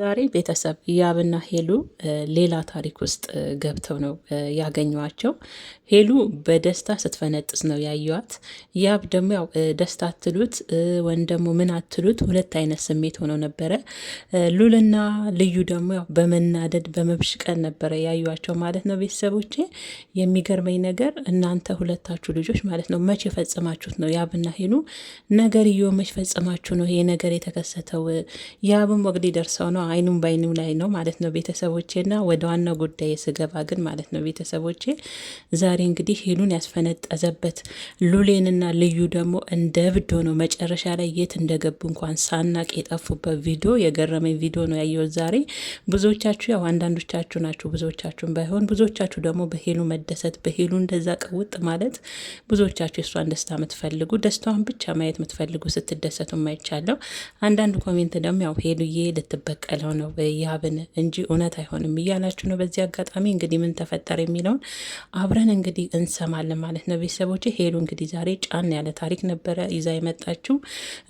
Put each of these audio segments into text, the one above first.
ዛሬ ቤተሰብ ያብና ሄሉ ሌላ ታሪክ ውስጥ ገብተው ነው ያገኟቸው። ሄሉ በደስታ ስትፈነጥስ ነው ያየዋት። ያብ ደግሞ ያው ደስታ አትሉት ወይም ደግሞ ምን አትሉት ሁለት አይነት ስሜት ሆኖ ነበረ። ሉልና ልዩ ደግሞ ያው በመናደድ በመብሽቀን ነበረ ያዩቸው ማለት ነው። ቤተሰቦቼ የሚገርመኝ ነገር እናንተ ሁለታችሁ ልጆች ማለት ነው መቼ የፈጸማችሁት ነው? ያብና ሄሉ ነገርዮ መቼ ፈጸማችሁ ነው ይሄ ነገር የተከሰተው? ያብም ወግዲ ደርሰው ነው አይኑም በአይኑ ላይ ነው ማለት ነው ቤተሰቦቼና ወደ ዋናው ጉዳይ ስገባ ግን ማለት ነው ቤተሰቦቼ ዛሬ እንግዲህ ሄሉን ያስፈነጠዘበት ሉሌንና ልዩ ደግሞ እንደ ብዶ ነው መጨረሻ ላይ የት እንደገቡ እንኳን ሳናቅ የጠፉበት ቪዲዮ የገረመኝ ቪዲዮ ነው ያየሁት ዛሬ። ብዙዎቻችሁ ያው አንዳንዶቻችሁ ናችሁ፣ ብዙዎቻችሁን ባይሆን ብዙዎቻችሁ ደግሞ በሄሉ መደሰት በሄሉ እንደዛ ቅውጥ ማለት ብዙዎቻችሁ የእሷን ደስታ የምትፈልጉ ደስታዋን ብቻ ማየት የምትፈልጉ ስትደሰቱ ማይቻለው። አንዳንድ ኮሜንት ደግሞ ያው ሄሉዬ ልትበቀል ልትበላው ነው ያብን እንጂ እውነት አይሆንም እያላችሁ ነው። በዚህ አጋጣሚ እንግዲህ ምን ተፈጠረ የሚለውን አብረን እንግዲህ እንሰማለን ማለት ነው። ቤተሰቦች ሄሉ እንግዲህ ዛሬ ጫን ያለ ታሪክ ነበረ ይዛ የመጣችው።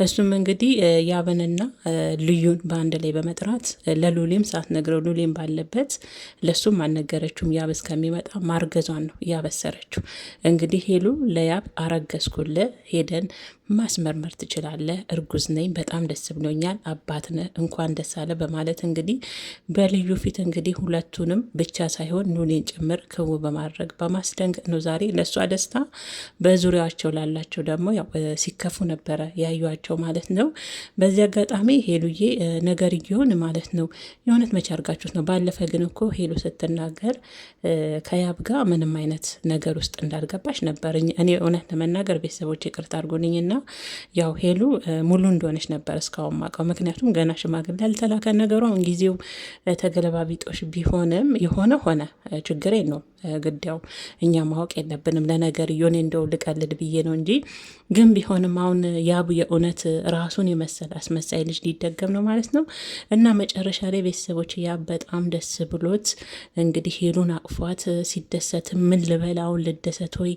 እሱም እንግዲህ ያብንና ልዩን በአንድ ላይ በመጥራት ለሉሌም ሳትነግረው ሉሌም ባለበት ለሱም አልነገረችውም። ያብ እስከሚመጣ ማርገዟን ነው ያበሰረችው። እንግዲህ ሄሉ ለያብ አረገዝኩል ሄደን ማስመርመር ትችላለህ፣ እርጉዝ ነኝ፣ በጣም ደስ ብሎኛል፣ አባት ነህ፣ እንኳን ደስ አለ በማለት እንግዲህ በልዩ ፊት እንግዲህ ሁለቱንም ብቻ ሳይሆን ኑኔን ጭምር ክው በማድረግ በማስደንገጥ ነው። ዛሬ ለእሷ ደስታ፣ በዙሪያቸው ላላቸው ደግሞ ሲከፉ ነበረ ያዩቸው ማለት ነው። በዚህ አጋጣሚ ሄሉዬ ነገርየውን ማለት ነው የእውነት መቼ አድርጋችሁት ነው? ባለፈ ግን እኮ ሄሉ ስትናገር ከያብ ጋር ምንም አይነት ነገር ውስጥ እንዳልገባች ነበር። እኔ እውነት ለመናገር ቤተሰቦች ይቅርታ አድርጎልኝና ያው ሄሉ ሙሉ እንደሆነች ነበር እስካሁን ማውቀው። ምክንያቱም ገና ሽማግሌ ያልተላከ ነገሩ አሁን ጊዜው ተገለባቢጦሽ ቢሆንም የሆነ ሆነ ችግር የለውም። ግዳው እኛ ማወቅ የለብንም። ለነገር እኔ እንደው ልቀልድ ብዬ ነው እንጂ ግን ቢሆንም አሁን ያቡ የእውነት ራሱን የመሰለ አስመሳይ ልጅ ሊደገም ነው ማለት ነው። እና መጨረሻ ላይ ቤተሰቦች ያ በጣም ደስ ብሎት እንግዲህ ሄሉን አቅፏት ሲደሰት ምን ልበል አሁን ልደሰት ወይ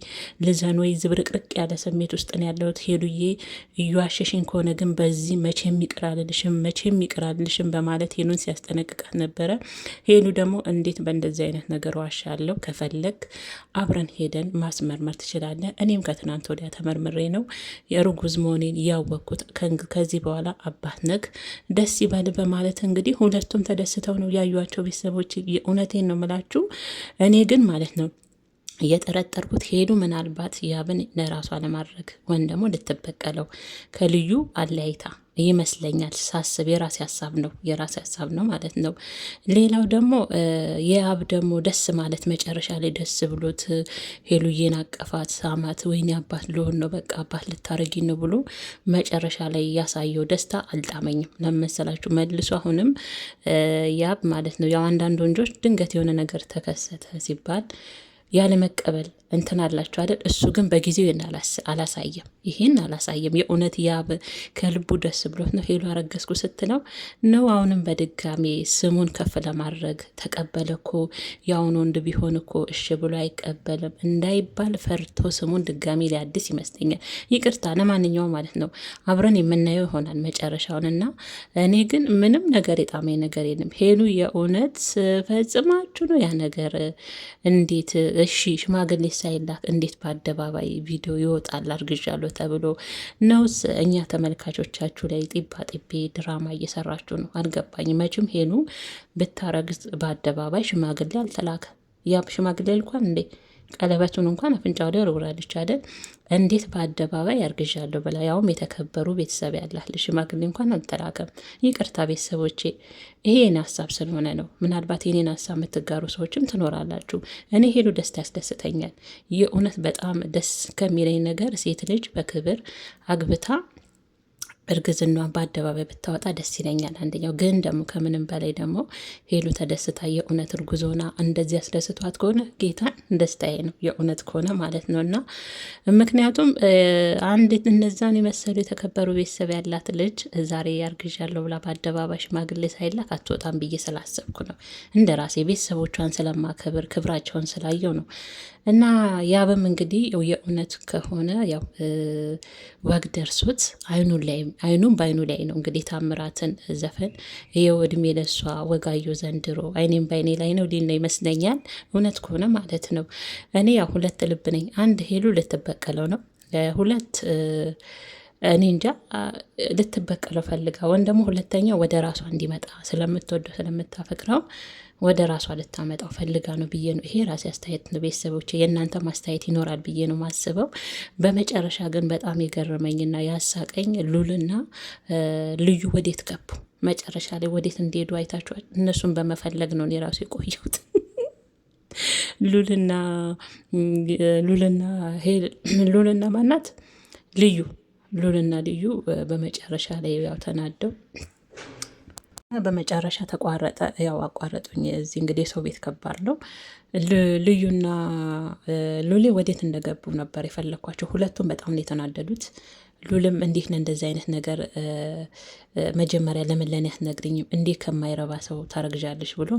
ልዘን ወይ ዝብርቅርቅ ያለ ስሜት ውስጥ ነው ያለሁት። ሄሉዬ እያሸሽኝ ከሆነ ግን በዚህ መቼም ይቅር መቼ መቼም በማለት ሄሉን ሲያስጠነቅቃት ነበረ። ሄሉ ደግሞ እንዴት በእንደዚህ አይነት ነገር ዋሻለሁ ከፈለግ አብረን ሄደን ማስመርመር ትችላለህ። እኔም ከትናንት ወዲያ ተመርምሬ ነው የርጉዝ መሆኔን ያወቅኩት። ከዚህ በኋላ አባት ነግ ደስ ይበል በማለት እንግዲህ ሁለቱም ተደስተው ነው ያዩቸው ቤተሰቦች እውነቴን ነው ምላችሁ። እኔ ግን ማለት ነው እየጠረጠርኩት ሄዱ ምናልባት ያብን ለራሷ ለማድረግ ወይም ደግሞ ልትበቀለው ከልዩ አለያይታ ይመስለኛል ሳስብ፣ የራሴ ሀሳብ ነው የራሴ ሀሳብ ነው ማለት ነው። ሌላው ደግሞ የአብ ደግሞ ደስ ማለት መጨረሻ ላይ ደስ ብሎት ሄሉዬን አቀፋት፣ ሳማት፣ ወይኔ አባት ልሆን ነው በቃ አባት ልታረጊ ነው ብሎ መጨረሻ ላይ ያሳየው ደስታ አልጣመኝም። ለመሰላችሁ መልሶ አሁንም ያብ ማለት ነው ያው አንዳንድ ወንጆች ድንገት የሆነ ነገር ተከሰተ ሲባል ያለመቀበል እንትን አላቸው አይደል? እሱ ግን በጊዜው አላሳየም፣ ይህን አላሳየም። የእውነት ያ ከልቡ ደስ ብሎት ነው ሄሉ አረገዝኩ ስትለው ነው። አሁንም በድጋሚ ስሙን ከፍ ለማድረግ ተቀበለ እኮ የአሁኑ ወንድ ቢሆን እኮ እሺ ብሎ አይቀበልም እንዳይባል ፈርቶ ስሙን ድጋሚ ሊያድስ ይመስለኛል። ይቅርታ ለማንኛውም ማለት ነው አብረን የምናየው ይሆናል መጨረሻውን እና እኔ ግን ምንም ነገር የጣመኝ ነገር የለም ሄሉ የእውነት ፈጽማችሁ ነው ያ ነገር እንዴት እሺ ሽማግሌ ሳይላክ እንዴት በአደባባይ ቪዲዮ ይወጣል አርግዣለሁ ተብሎ ነውስ? እኛ ተመልካቾቻችሁ ላይ ጢባ ጢቤ ድራማ እየሰራችሁ ነው። አልገባኝ። መቼም ሄኑ ብታረግዝ በአደባባይ ሽማግሌ አልተላከ። ያ ሽማግሌ ልኳን እንዴ ቀለበቱን እንኳን አፍንጫው ላይ ወርውራለች አይደል? እንዴት በአደባባይ ያርግዣለሁ ብላ ያውም የተከበሩ ቤተሰብ ያላት ሽማግሌ እንኳን አልተላከም። ይቅርታ ቤተሰቦቼ፣ ይሄ የኔ ሀሳብ ስለሆነ ነው። ምናልባት የኔን ሀሳብ የምትጋሩ ሰዎችም ትኖራላችሁ። እኔ ሄሉ ደስታ ያስደስተኛል። የእውነት በጣም ደስ ከሚለኝ ነገር ሴት ልጅ በክብር አግብታ እርግዝናዋን በአደባባይ ብታወጣ ደስ ይለኛል። አንደኛው ግን ደግሞ ከምንም በላይ ደግሞ ሄሉ ተደስታ የእውነት እርጉዞና እንደዚህ አስደስቷት ከሆነ ጌታን ደስታዬ ነው የእውነት ከሆነ ማለት ነው። እና ምክንያቱም አንድ እነዛን የመሰሉ የተከበሩ ቤተሰብ ያላት ልጅ ዛሬ ያርግዣለሁ ብላ በአደባባይ ሽማግሌ ሳይላክ አትወጣም ብዬ ስላሰብኩ ነው። እንደ ራሴ ቤተሰቦቿን ስለማከብር ክብራቸውን ስላየው ነው። እና ያብም እንግዲህ የእውነት ከሆነ ያው ወግ ደርሶት አይኑን ላይም አይኑም በአይኑ ላይ ነው። እንግዲህ ታምራትን ዘፈን ይኸው እድሜ ለሷ ዘንድሮ አይኔም በአይኔ ላይ ነው ሊል ይመስለኛል። እውነት ከሆነ ማለት ነው። እኔ ያው ሁለት ልብ ነኝ። አንድ ሄሉ ልትበቀለው ነው ሁለት እኔ እንጃ ልትበቀለው ፈልጋ ወይም ደግሞ ሁለተኛው ወደ ራሷ እንዲመጣ ስለምትወደው ስለምታፈቅረው ወደ ራሷ ልታመጣው ፈልጋ ነው ብዬ ነው። ይሄ ራሴ አስተያየት ነው። ቤተሰቦች የእናንተ ማስተያየት ይኖራል ብዬ ነው ማስበው። በመጨረሻ ግን በጣም የገረመኝና ያሳቀኝ ሉልና ልዩ ወዴት ገቡ? መጨረሻ ላይ ወዴት እንደሄዱ አይታችኋል። እነሱን በመፈለግ ነው እኔ ራሱ የቆየሁት። ሉልና ሉልና ሉልና ማናት ልዩ ሉልና ልዩ በመጨረሻ ላይ ያው ተናደው በመጨረሻ ተቋረጠ። ያው አቋረጡኝ። እዚህ እንግዲህ የሰው ቤት ከባድ ነው። ልዩና ሉሌ ወዴት እንደገቡ ነበር የፈለግኳቸው። ሁለቱም በጣም ነው የተናደዱት። ሉልም እንዴት ነው እንደዚህ አይነት ነገር መጀመሪያ ለምን ለኔ አትነግሪኝም? እንዴት ከማይረባ ሰው ታረግዣለሽ ብሎ